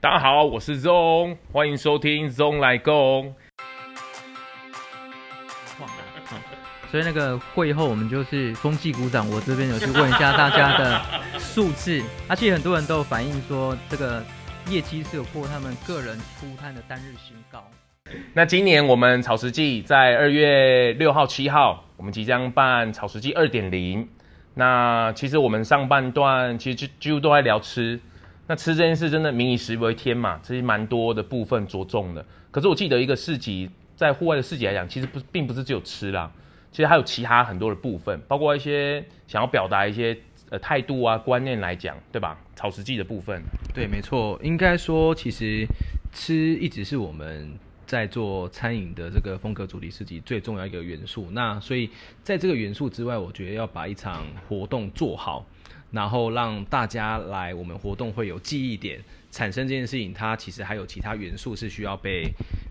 大家好，我是 ZONG，歡迎收聽 ZONG 嚨來共。所以那個會後我們就是風氣鼓掌，我這邊有去問一下大家的數字，而、啊、且很多人都有反映說這個業績是有過他們個人出攤的單日新高。那今年我們艸食祭在二月六號、七號，我們即將辦艸食祭二點零。那其實我們上半段其實就幾乎都在聊吃。那吃這件事真的民以食為天嘛，其實蠻多的部分着重的。可是我記得一個市集，在戶外的市集來講，其實不並不是只有吃啦，其實還有其他很多的部分，包括一些想要表達一些呃態度啊觀念來講，對吧？艸食祭的部分。對，沒錯，應該說其實吃一直是我們在做餐飲的這個風格主題市集最重要一個元素。那所以在這個元素之外，我覺得要把一場活動做好，然後讓大家來我們活動會有記憶點產生這件事情，它其實還有其他元素是需要被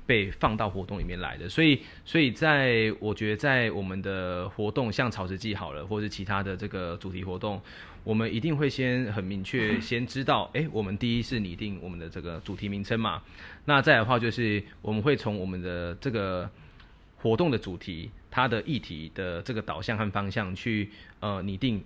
被放到活動裡面來的。所以，所以在我覺得在我們的活動像艸食祭好了，或是其他的這個主題活動，我們一定會先很明確先知道，哎、嗯，我們第一是擬定我們的這個主題名稱嘛。那再來的話就是我們會從我們的這個活動的主題它的議題的這個導向和方向去呃擬定。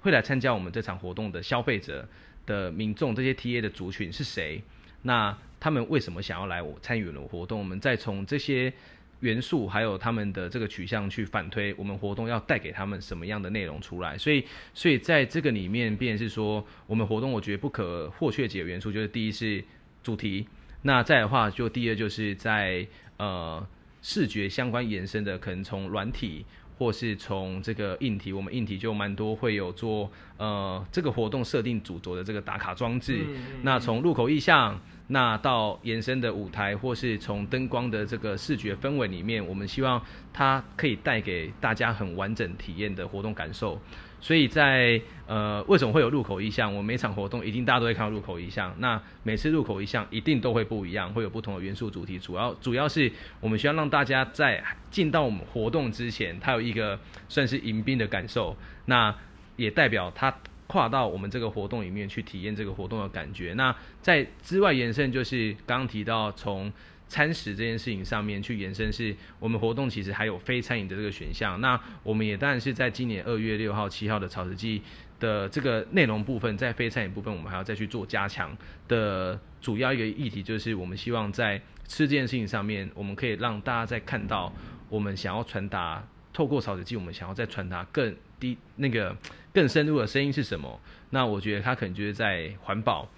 會來參加我們這場活動的消費者的民眾，這些 TA 的族群是誰？那他們為什麼想要來我參與我們活動？我們再從這些元素，還有他們的這個取向去反推，我們活動要帶給他們什麼樣的內容出來？所以，所以在這個裡面，便是說，我們活動我覺得不可或缺幾個元素，就是第一是主題，那再的話就第二就是在呃視覺相關延伸的，可能從軟體。或是從這個硬體，我們硬體就蠻多會有做，呃，這個活動設定主軸的這個打卡裝置。嗯、那從入口意象，那到延伸的舞台，或是從燈光的這個視覺氛圍裡面，我們希望它可以帶給大家很完整體驗的活動感受。所以在呃，為什麼會有入口意象？我每場活動一定大家都會看到入口意象。那每次入口意象一定都會不一樣，會有不同的元素主題。主要主要是我們需要讓大家在進到我們活動之前，他有一個算是迎賓的感受。那也代表他跨到我們這個活動裡面去體驗這個活動的感覺。那在之外延伸，就是剛剛提到從。餐食這件事情上面去延伸，是我們活動其實還有非餐飲的這個選項。那我們也當然是在今年二月六號、七號的艸食祭的這個內容部分，在非餐飲部分，我們還要再去做加強的主要一個議題，就是我們希望在吃這件事情上面，我們可以讓大家在看到我們想要傳達，透過艸食祭，我們想要再傳達更低那個更深入的聲音是什麼。那我覺得它可能就是在環保。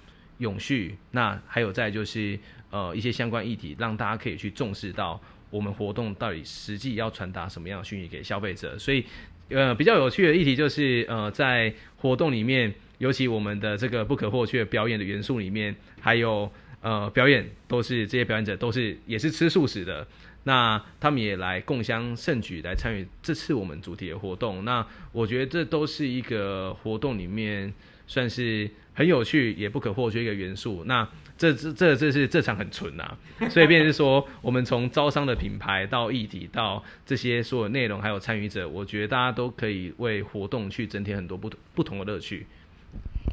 永續，那還有再就是呃一些相關議題，讓大家可以去重視到我們活動到底實際要傳達什麼樣的訊息給消費者。所以，呃比較有趣的議題就是呃在活動裡面，尤其我們的這個不可或缺的表演的元素裡面，還有呃表演都是這些表演者都是也是吃素食的，那他們也來共襄盛舉來參與這次我們主題的活動。那我覺得這都是一個活動裡面算是。很有趣，也不可或缺一個元素。那這這這這是這場很純啊。所以便是說， 我們從招商的品牌到議題到這些所有內容，還有參與者，我覺得大家都可以為活動去增添很多不不同的樂趣。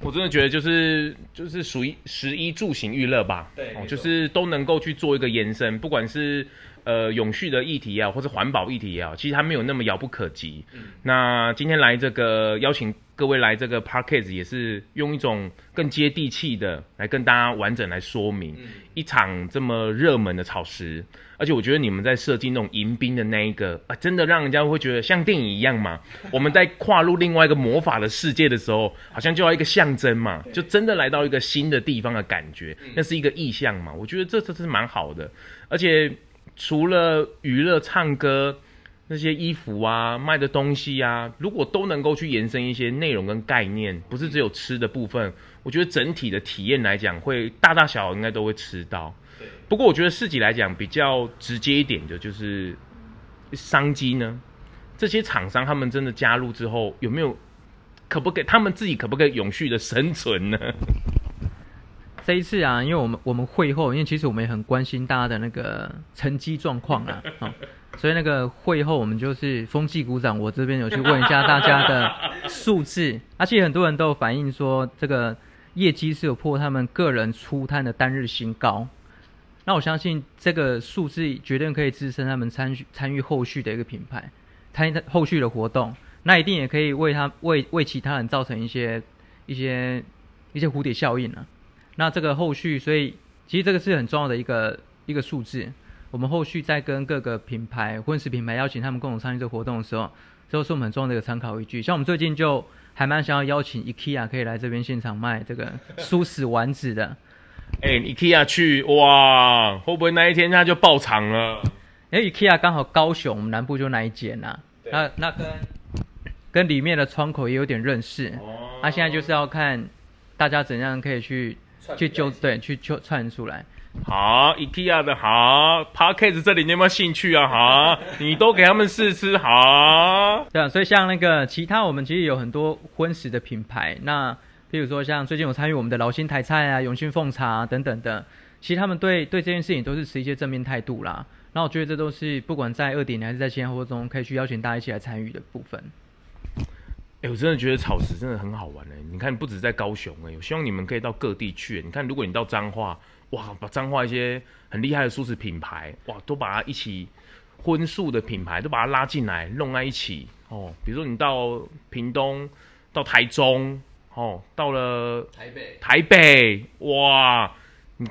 我真的覺得就是就是屬於十一衣住行娛樂吧，對，對，對，對，哦，就是都能夠去做一個延伸，不管是呃永續的議題也好，或是環保議題也好，其實它沒有那麼遙不可及。嗯、那今天來這個邀請。各位來這個 podcast 也是用一種更接地氣的來跟大家完整來說明一場這麼熱門的草食，而且我覺得你們在設計那種迎賓的那一個啊，真的讓人家會覺得像電影一樣嘛。我們在跨入另外一個魔法的世界的時候，好像就要一個象徵嘛，就真的來到一個新的地方的感覺，那是一個意象嘛。我覺得這這是蠻好的，而且除了娛樂唱歌。那些衣服啊，賣的東西啊，如果都能夠去延伸一些內容跟概念，不是只有吃的部分，我覺得整體的體驗來講，會大大小小應該都會吃到。不過我覺得市集來講比較直接一點的，就是商機呢，這些廠商他們真的加入之後，有沒有可不可以，他們自己可不可以永續的生存呢？這一次啊，因為我們我們會後，因為其實我們也很關心大家的那個成績狀況啊， 所以那個會後，我們就是風氣鼓掌，我這邊有去問一下大家的數字，而、啊、且很多人都反映說，這個業績是有破他們個人出攤的單日新高。那我相信這個數字絕對可以支撐他們參與參與後續的一個品牌，參後續的活動，那一定也可以為他為為其他人造成一些一些一些蝴蝶效應了、啊。那這個後續，所以其實這個是很重要的一個一個數字。我們後續在跟各個品牌、混食葷食品牌邀請他們共同參與這個活動的時候，這個是我們很重要的一個參考依據。像我們最近就還蠻想要邀請 IKEA 可以來這邊現場賣這個蔬食丸子的。哎、 欸、，IKEA 去哇，會不會那一天他就爆場了？哎、欸、，IKEA 剛好高雄我們南部就那一間吶，那那跟跟裡面的窗口也有點認識。哦。他、啊、現在就是要看大家怎樣可以去去揪對去揪串,串出來。好，IKEA 的好，Parkes 這裡你有沒有興趣啊？好，你都給他們試吃好。 對啊，所以像那個其他，我們其實有很多葷食的品牌，那譬如說像最近有參與我們的老新台菜啊、永心鳳茶、啊、等等的，其實他們對對這件事情都是持一些正面態度啦。那我覺得這都是不管在二點零還是在現貨中，可以去邀請大家一起來參與的部分。欸、我真的覺得草食真的很好玩哎！你看，不止在高雄哎，我希望你們可以到各地去。你看，如果你到彰化，哇，把彰化一些很厲害的素食品牌，哇，都把它一起葷素的品牌都把它拉進來弄在一起哦。比如說你到屏東，到台中，哦，到了台北，台北，哇！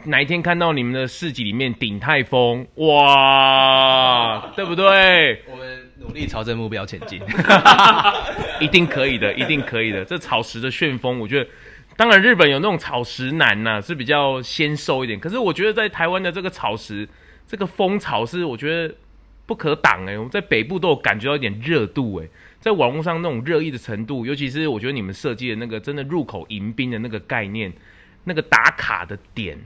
哪一天看到你們的市集裡面鼎泰豐，哇， 對不對？我們努力朝着目標前進 一定可以的，一定可以的。這草食的旋風，我覺得，當然日本有那種草食男吶，是比較纖瘦一點。可是我覺得在台灣的這個草食，這個風潮是我覺得不可擋哎、欸。我們在北部都有感覺到一點熱度哎、欸，在網絡上那種熱議的程度，尤其是我覺得你們設計的那個真的入口迎賓的那個概念，那個打卡的點。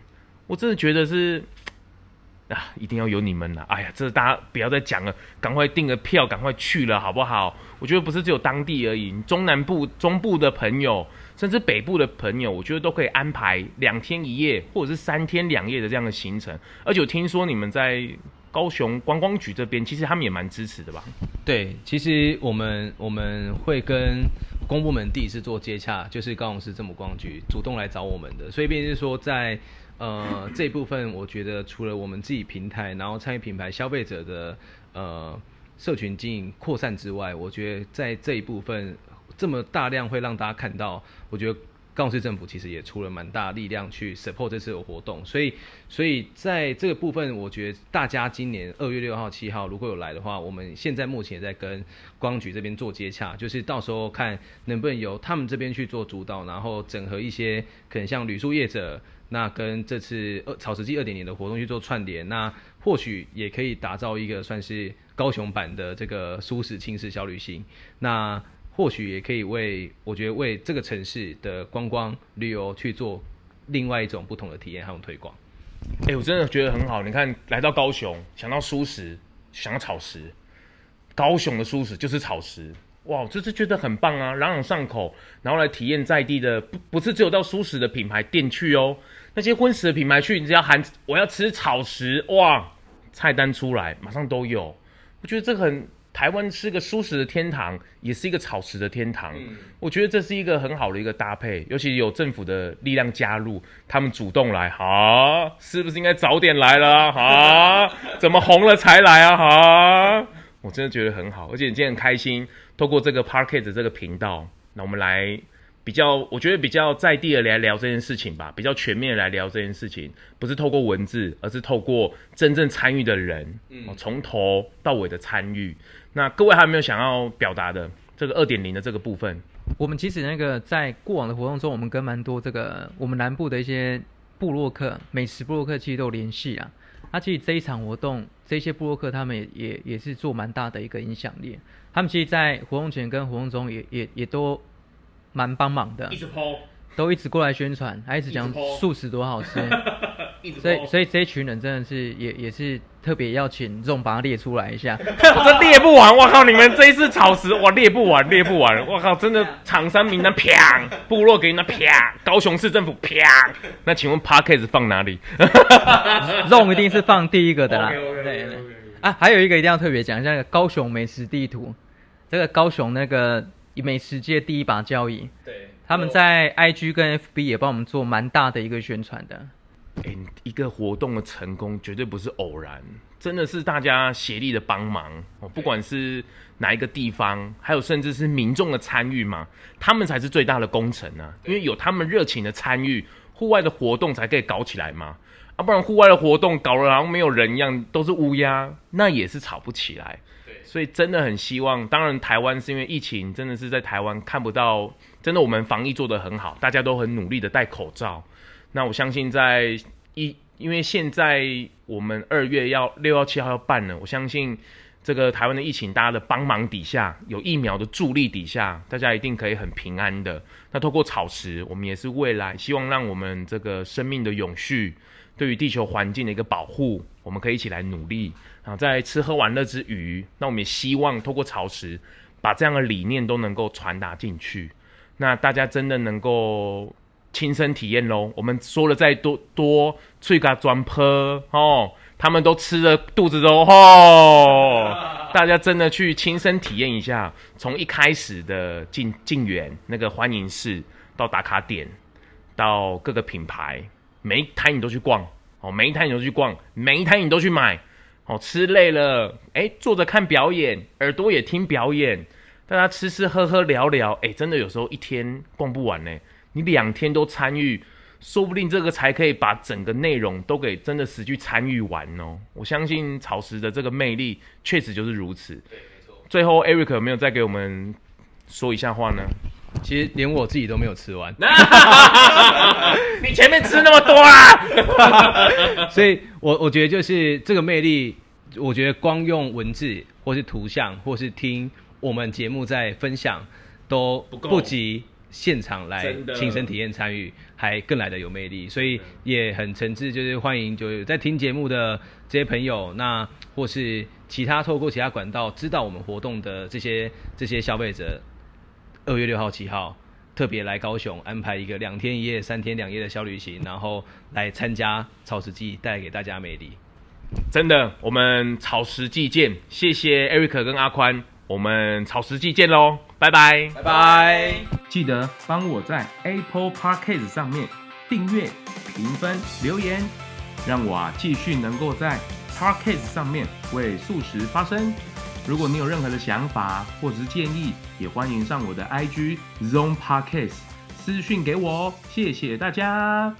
我真的覺得是啊，一定要有你們吶！哎呀，這大家不要再講了，趕快訂個票，趕快去了，好不好？我覺得不是只有當地而已，中南部、中部的朋友，甚至北部的朋友，我覺得都可以安排兩天一夜，或者是三天兩夜的這樣的行程。而且我聽說你們在高雄觀光局這邊，其實他們也蠻支持的吧？對，其實我們我們會跟公部門第一次做接洽，就是高雄市政府觀光局主動來找我們的，所以變成說在。呃，這一部分我覺得除了我們自己平台，然後參與品牌消費者的呃社群經營擴散之外，我覺得在這一部分這麼大量會讓大家看到，我覺得。高雄市政府其實也出了蠻大力量去 support 這次的活動。所以，所以在這個部分，我覺得大家今年二月六號、七號如果有來的話，我們現在目前也在跟觀光局這邊做接洽，就是到時候看能不能由他們這邊去做主導，然後整合一些可能像旅宿業者，那跟這次呃艸食祭二點零的活動去做串聯，那或許也可以打造一個算是高雄版的這個蔬食輕食小旅行，那。或許也可以為，我覺得為這個城市的觀光旅遊去做另外一種不同的體驗和推廣。哎、欸，我真的覺得很好。你看，來到高雄，想到蔬食，想到草食，高雄的蔬食就是草食，哇，就是覺得很棒啊，朗朗上口。然後來體驗在地的，不不是只有到蔬食的品牌店去哦，那些葷食的品牌去，你只要喊我要吃草食，哇，菜單出來馬上都有。我覺得這個很。台灣是一個蔬食的天堂，也是一個草食的天堂，嗯。我覺得這是一個很好的一個搭配，尤其有政府的力量加入，他們主動來，哈，是不是應該早點來了？哈， 怎麼紅了才來啊？哈， 我真的覺得很好，而且今天很開心，透過這個 p a r k e a t 的這個頻道，那我們來比較，我覺得比較在地的聊來聊這件事情吧，比較全面的來聊這件事情，不是透過文字，而是透過真正參與的人，喔、嗯，從頭到尾的參與。那各位還有沒有想要表達的這個二點零的這個部分？我們其實那個在過往的活動中，我們跟蠻多這個我們南部的一些部落客、美食部落客其實都有聯繫啊。他其實這一場活動，這些部落客他們也也也是做蠻大的一個影響力。他們其實，在活動前跟活動中也也也都蠻幫忙的，一直都一直過來宣傳，還一直講素食多好吃。 所以，所以這一群人真的是也也是特別要請 ZONG 把它列出來一下，我說 列不完，我靠！你們這一次草食，我列不完，列不完，我靠！真的廠商、啊、名那啪，部落給那啪，高雄市政府啪。那請問 Podcast 放哪裡？ZONG 一定是放第一個的啦。Okay, okay, 對對對 okay, okay, okay, okay. 啊，還有一個一定要特別講一下，那個高雄美食地圖，這個高雄那個美食界第一把交椅，對，他們在 IG 跟 FB 也幫我們做蠻大的一個宣傳的。欸，一個活動的成功絕對不是偶然，真的是大家協力的幫忙哦，不管是哪一個地方，還有甚至是民眾的參與嘛，他們才是最大的功臣啊。因為有他們熱情的參與，戶外的活動才可以搞起來嘛。啊，不然戶外的活動搞了，然後沒有人一樣，都是烏鴉，那也是吵不起來。對，所以真的很希望。當然，台灣是因為疫情，真的是在台灣看不到，真的我們防疫做得很好，大家都很努力的戴口罩。那我相信，在一，因為現在我們二月要六月七號要辦了，我相信這個台灣的疫情，大家的幫忙底下，有疫苗的助力底下，大家一定可以很平安的。那透過草食，我們也是未來希望讓我們這個生命的永續，對於地球環境的一個保護，我們可以一起來努力。然後在吃喝玩樂之餘，那我們也希望透過草食，把這樣的理念都能夠傳達進去。那大家真的能夠。親身體驗嘍！我們說了再多多吹卡專潑哦，他們都吃了肚子都，哦。大家真的去親身體驗一下，從一開始的進進園那個歡迎室到打卡點，到各個品牌，每一攤你都去逛哦，每一攤你都去逛，每一攤你都去買哦。吃累了，哎，坐着看表演，耳朵也聽表演，大家吃吃喝喝聊聊，哎，真的有時候一天逛不完呢。你兩天都參與，說不定這個才可以把整個內容都給真的死去參與完哦。我相信草食的這個魅力確實就是如此。對，沒錯。最後，Eric 有沒有再給我們說一下話呢？其實連我自己都沒有吃完。 你前面吃那麼多啊！ 所以我我覺得就是這個魅力，我覺得光用文字或是圖像或是聽我們節目在分享都不及。不現場來親身體驗參與，還更來得有魅力，所以也很誠摯，就是歡迎就在聽節目的這些朋友，那或是其他透過其他管道知道我們活動的這些這些消費者，二月六號七號特別來高雄安排一個兩天一夜，三天兩夜的小旅行，然後來參加艸食祭，帶給大家魅力。真的，我們艸食祭見！謝謝艾瑞克跟阿寬，我們艸食祭見嘍！拜拜，拜拜。拜拜記得幫我在 Apple Podcast 上面訂閱、評分、留言，讓我啊繼續能夠在 Podcast 上面為蔬食發聲。如果你有任何的想法或者是建議，也歡迎上我的 IG ZONG Podcast 私訊給我哦。謝謝大家。